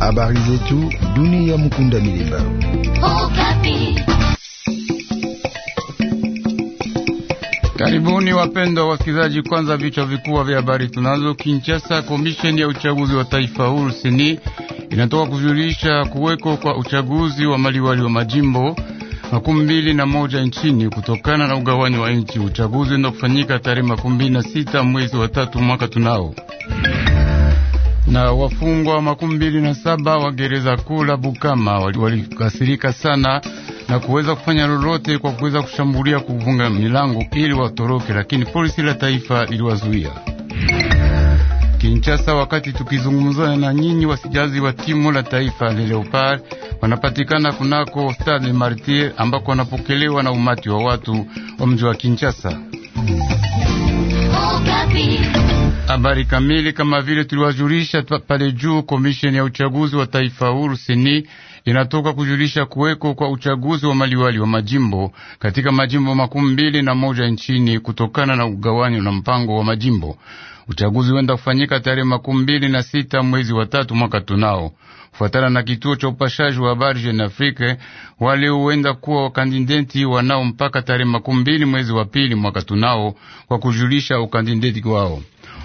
Habari zetu dunia. Mukunda Milimba Karibuni wapendwa wasikilizaji, kwanza vichwa vikubwa vya habari tunazo. Kinshasa, komisheni ya uchaguzi wa taifa huru seni inatoka kujulisha kuweko kwa uchaguzi wa maliwali wa majimbo makumi mbili na moja nchini kutokana na ugawani wa nchi. Uchaguzi unakufanyika tarehe makumi mbili na sita mwezi wa tatu mwaka tunao na wafungwa makumi mbili na saba wa gereza kuu la Bukama walikasirika wali sana na kuweza kufanya lolote kwa kuweza kushambulia kuvunga milango ili watoroke, lakini polisi la taifa iliwazuia. Kinshasa, wakati tukizungumzana na nyinyi, wasijazi wa timu la taifa la Leopard wanapatikana kunako Stade Martir ambako wanapokelewa na umati wa watu wa mji wa Kinshasa. Oh, Habari kamili kama vile tuliwajulisha pale juu, komisheni ya uchaguzi wa taifa huru seni inatoka kujulisha kuweko kwa uchaguzi wa maliwali wa majimbo katika majimbo makumi mbili na moja nchini kutokana na ugawanyo na mpango wa majimbo. Uchaguzi wenda kufanyika tarehe makumi mbili na sita mwezi wa tatu mwaka tunao. Kufuatana na kituo cha upashaji wa habari Jeune Afrique, wale huenda kuwa wakandideti wanao mpaka tarehe makumi mbili mwezi wa pili mwaka tunao kwa kujulisha ukandideti wao.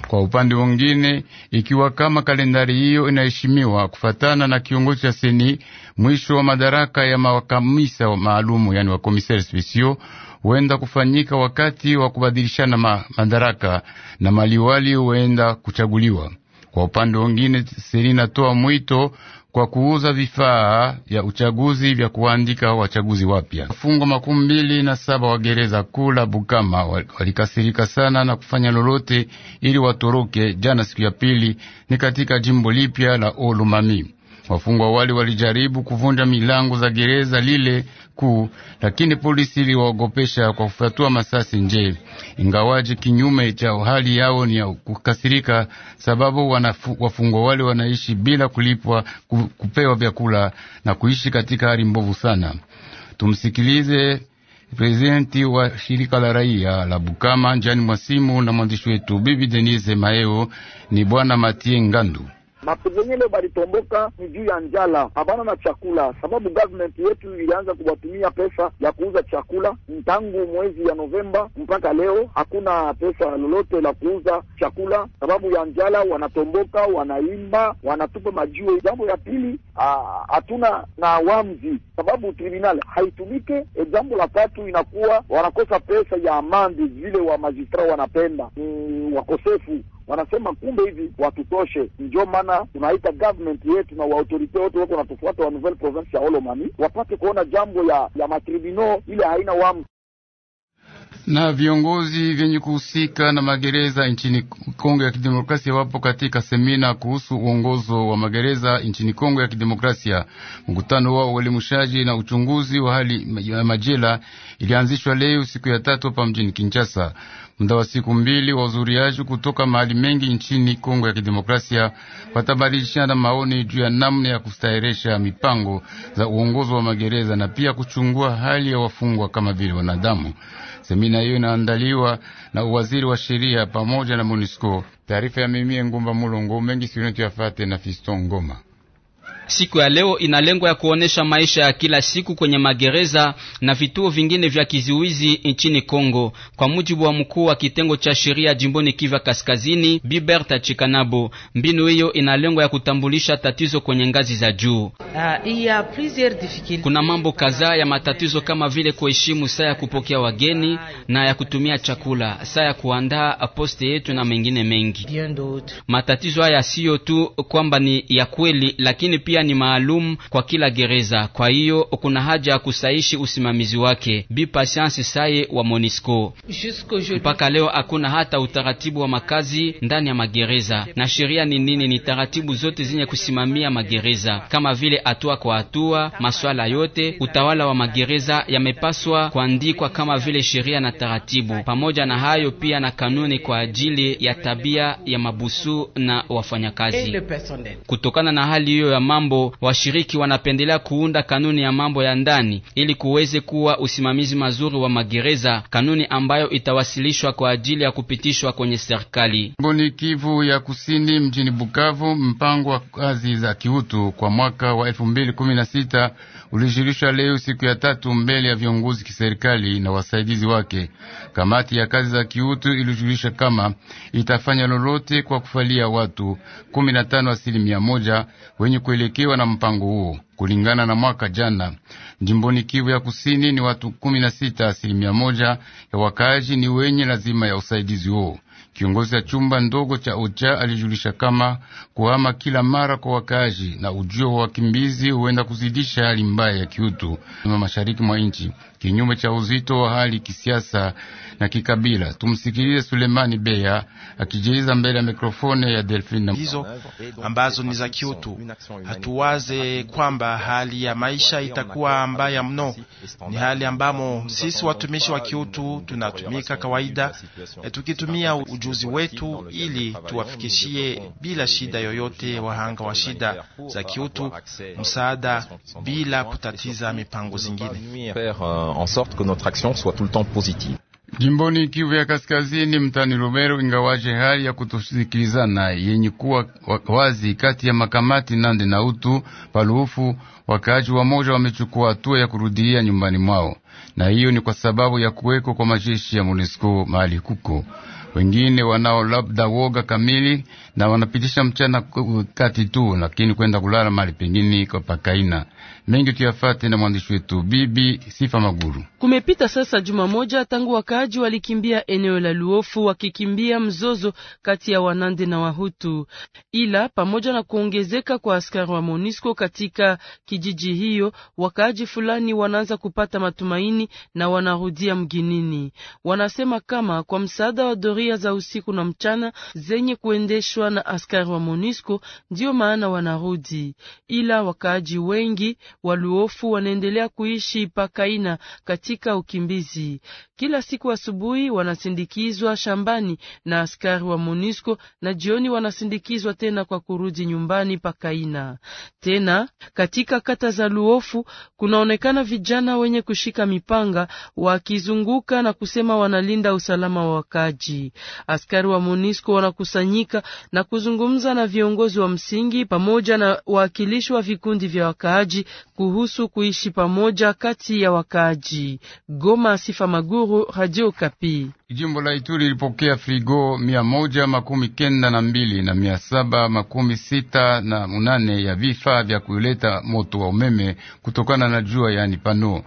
Kwa upande mwingine, ikiwa kama kalendari hiyo inaheshimiwa kufatana na kiongozi cha seni, mwisho wa madaraka ya mawakamisa maalumu, yani wakomisari spesio huenda kufanyika wakati wa kubadilishana ma madaraka na maliwali huenda kuchaguliwa. Kwa upande wengine, seni inatoa mwito kwa kuuza vifaa ya uchaguzi vya kuandika wachaguzi wapya. Wafungwa makumi mbili na saba wa gereza kuu la Bukama walikasirika sana na kufanya lolote ili watoroke jana, siku ya pili ni katika jimbo lipya la olumami Wafungwa wale walijaribu kuvunja milango za gereza lile kuu, lakini polisi iliwaogopesha kwa kufyatua masasi nje. Ingawaje kinyume cha hali yao ni ya kukasirika, sababu wafungwa wale wanaishi bila kulipwa, kupewa vyakula na kuishi katika hali mbovu sana. Tumsikilize prezidenti wa shirika la raia la Bukama, Njani Mwasimu, na mwandishi wetu Bibi Denise Maeo ni Bwana Matie Ngandu mapezenyele ile balitomboka ni juu ya njala, habana na chakula, sababu government yetu ilianza kuwatumia pesa ya kuuza chakula tangu mwezi ya Novemba mpaka leo, hakuna pesa lolote la kuuza chakula sababu ya njala. Wanatomboka, wanaimba, wanatupa majiwe. Jambo ya pili, hatuna na wamzi sababu tribunal haitumike. E, jambo la tatu inakuwa wanakosa pesa ya amande vile wa magistrat wanapenda, ni mm, wakosefu wanasema kumbe hivi watutoshe. Ndio maana tunaita government yetu na waautorite wote wako wanatufuata wa Nouvelle Province ya Holomani wapate kuona jambo ya ya matribunau ile haina wamu na viongozi vyenye kuhusika na magereza nchini Kongo ya Kidemokrasia wapo katika semina kuhusu uongozo wa magereza nchini Kongo ya Kidemokrasia. Mkutano wao uelimushaji na uchunguzi wa hali ya majela ilianzishwa leo siku ya tatu hapa mjini Kinshasa, muda wa siku mbili. Wahudhuriaji kutoka mahali mengi nchini Kongo ya Kidemokrasia watabadilishana maoni juu ya namna ya kustahiresha mipango za uongozo wa magereza na pia kuchungua hali ya wafungwa kama vile wanadamu. Semina hiyo inaandaliwa na uwaziri wa sheria pamoja na MONUSCO. Taarifa ya mimie Ngumba Mulongo mengi siunetu yafate na Fiston Ngoma. Siku ya leo ina lengo ya kuonesha maisha ya kila siku kwenye magereza na vituo vingine vya kizuizi nchini Kongo. Kwa mujibu wa mkuu wa kitengo cha sheria jimboni Kiva Kaskazini, Biberta Chikanabo, mbinu hiyo ina lengo ya kutambulisha tatizo kwenye ngazi za juu. Ah, Kuna mambo kadhaa ya matatizo kama vile kuheshimu saa ya kupokea wageni na ya kutumia chakula, saa ya kuandaa poste yetu na mengine mengi. Matatizo haya siyo tu kwamba ni ya kweli, lakini pia pia ni maalum kwa kila gereza, kwa hiyo kuna haja ya kusaishi usimamizi wake. Bi Patience Saye wa Monisco: mpaka leo hakuna hata utaratibu wa makazi ndani ya magereza, na sheria ni nini? Ni taratibu zote zenye kusimamia magereza, kama vile hatua kwa hatua. Maswala yote utawala wa magereza yamepaswa kuandikwa kama vile sheria na taratibu, pamoja na hayo pia na kanuni kwa ajili ya tabia ya mabusu na wafanyakazi. Kutokana na hali hiyo ya mama mambo, washiriki wanapendelea kuunda kanuni ya mambo ya ndani ili kuweze kuwa usimamizi mazuri wa magereza, kanuni ambayo itawasilishwa kwa ajili ya kupitishwa kwenye serikali. Mboni Kivu ya Kusini, mjini Bukavu, mpango wa kazi za kiutu kwa mwaka wa 2016 ulijulishwa leo siku ya tatu mbele ya viongozi kiserikali na wasaidizi wake. Kamati ya kazi za kiutu ilijulisha kama itafanya lolote kwa kufalia watu 15 asilimia moja wenye kuelekea kufanikiwa na mpango huo. Kulingana na mwaka jana, jimboni Kivu ya Kusini ni watu kumi na sita asilimia moja ya wakaaji ni wenye lazima ya usaidizi huo. Kiongozi ya chumba ndogo cha OCHA alijulisha kama kuhama kila mara kwa wakaaji na ujio wa wakimbizi huenda kuzidisha hali mbaya ya kiutu mashariki mwa nchi, kinyume cha uzito wa hali kisiasa na kikabila. Tumsikilize Sulemani Beya akijiiza mbele ya mikrofone ya Delphine. Hizo ambazo ni za kiutu, hatuwaze kwamba hali ya maisha itakuwa mbaya mno. Ni hali ambamo sisi watumishi wa kiutu tunatumika kawaida, eh, tukitumia ujuzi wetu ili tuwafikishie bila shida yoyote wahanga wa shida za kiutu msaada bila kutatiza mipango zingine. Euh, Jimboni Kivu ya Kaskazini, mtani Lubero, ingawaje hali ya kutosikilizana yenye kuwa wazi kati ya makamati Nande na utu paluhufu, wakaaji wa moja wamechukua hatua ya kurudilia nyumbani mwao, na hiyo ni kwa sababu ya kuweko kwa majeshi ya MONUSCO mahali kuko wengine wanao labda woga kamili na wanapitisha mchana kati tu, lakini kwenda kulala mali pengine kwa pakaina mengi. Tuyafate na mwandishi wetu Bibi Sifa Maguru. Kumepita sasa juma moja tangu wakaaji walikimbia eneo la Luofu wakikimbia mzozo kati ya Wanande na Wahutu, ila pamoja na kuongezeka kwa askari wa Monisco katika kijiji hiyo, wakaaji fulani wanaanza kupata matumaini na wanarudia mginini. Wanasema kama kwa msaada wa Dori doria za usiku na mchana zenye kuendeshwa na askari wa monisco ndio maana wanarudi. Ila wakaaji wengi luofu wanaendelea kuishi pakaina katika ukimbizi. Kila siku asubuhi wanasindikizwa shambani na askari wa monisco na jioni wanasindikizwa tena kwa kurudi nyumbani pakaina. Tena katika kata za Luofu kunaonekana vijana wenye kushika mipanga wakizunguka na kusema wanalinda usalama wa wakaji. Askari wa MONUSCO wanakusanyika na kuzungumza na viongozi wa msingi pamoja na wawakilishi wa vikundi vya wakaaji kuhusu kuishi pamoja kati ya wakaaji. Goma, Sifa Maguru, Radio Kapi. Jimbo la Ituri lilipokea frigo mia moja makumi kenda na mbili na mia saba makumi sita na munane ya vifaa vya kuleta moto wa umeme kutokana na jua, yani pano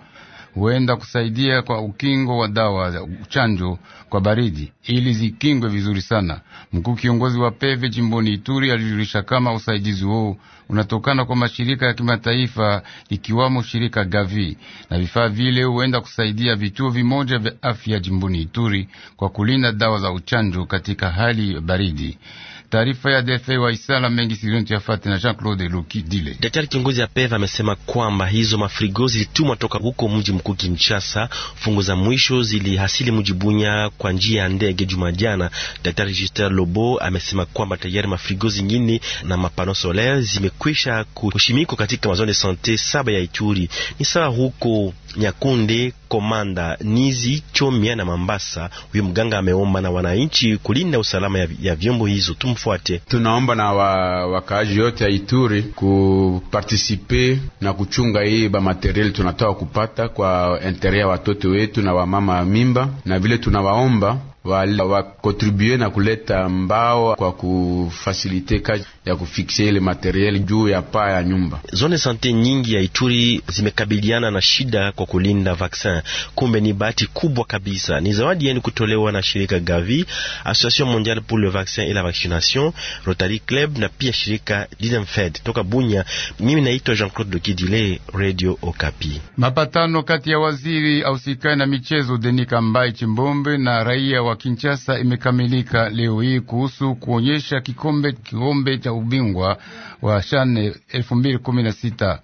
huenda kusaidia kwa ukingo wa dawa za chanjo kwa baridi ili zikingwe vizuri sana. Mkuu kiongozi wa peve jimboni Ituri alijulisha kama usaidizi huu unatokana kwa mashirika ya kimataifa ikiwamo shirika Gavi, na vifaa vile huenda kusaidia vituo vimoja vya afya jimboni Ituri kwa kulinda dawa za uchanjo katika hali ya baridi. Taarifa ya DFA wa Isala mengi ya fati na Jean-Claude Luki Dile. Daktari kiongozi ya PEV amesema kwamba hizo mafrigo zilitumwa toka huko mji mkuu Kinshasa. Fungu za mwisho zilihasili mji Bunya kwa njia ya ndege Jumajana. Daktari Justin Lobo amesema kwamba tayari mafrigo zingine na mapano solaire zimekwisha kushimikwa katika mazone sante saba ya Ituri ni sawa huko Nyakunde komanda Nizi Chomia na Mambasa. Huyo mganga ameomba na wananchi kulinda usalama ya, ya vyombo hizo. Tumfuate. Tunaomba na wa, wakaaji yote ya Ituri kupartisipe na kuchunga hii ba material tunatoa kupata kwa entere ya watoto wetu na wamama wa mimba, na vile tunawaomba wakontribue na kuleta mbao kwa kufasilite kazi ya kufikisha ile materiel juu ya paa ya nyumba. Zone sante nyingi ya Ituri zimekabiliana na shida kwa kulinda vaksin. Kumbe ni bahati kubwa kabisa, ni zawadi yenu kutolewa na shirika Gavi, Association Mondiale pour le Vaccin et la Vaccination, Rotary Club na pia shirika Didenfed toka Bunya. Mimi naitwa Jean-Claude Lokidile, Radio Okapi. Mapatano kati ya waziri ausikai na michezo Denis Kambai Chimbombe na raia wa Kinshasa imekamilika leo hii kuhusu kuonyesha kikombe kikombe cha ubingwa wa shane elfu mbili kumi na sita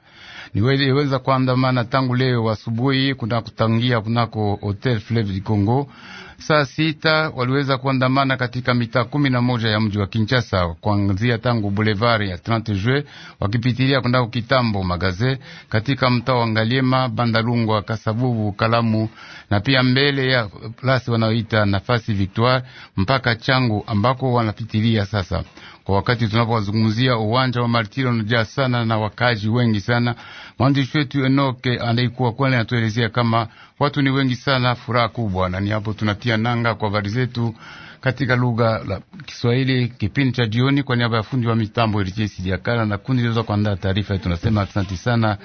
niweza kuandamana tangu leo asubuhi kunakutangia kunako Hotel Fleuve du Congo saa sita waliweza kuandamana katika mitaa kumi na moja ya mji wa Kinshasa kuanzia tangu boulevard ya 30 Juin wakipitilia kwenda Kitambo Magaze katika mtaa wa Ngaliema, Bandalungwa, Kasabubu, Kalamu na pia mbele ya plasi wanaoita nafasi Victoire mpaka Changu ambako wanapitilia sasa. Kwa wakati tunapowazungumzia, uwanja wa Martiri unajaa sana na wakazi wengi sana Mwandishi wetu Enoke Andaikuwa Kwale anatuelezea kama watu ni wengi sana, furaha kubwa. Na ni hapo tunatia nanga kwa habari zetu katika lugha la Kiswahili kipindi cha jioni. Kwa niaba ya fundi wa mitambo Richesi Jakala na kundi liweza kuandaa taarifa hii, tunasema asanti sana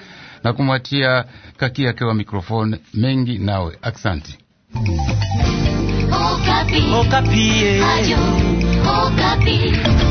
na kumwachia kaki yake wa mikrofoni mengi nawe, asante Okapi. Oh, Okapi. Oh, eh.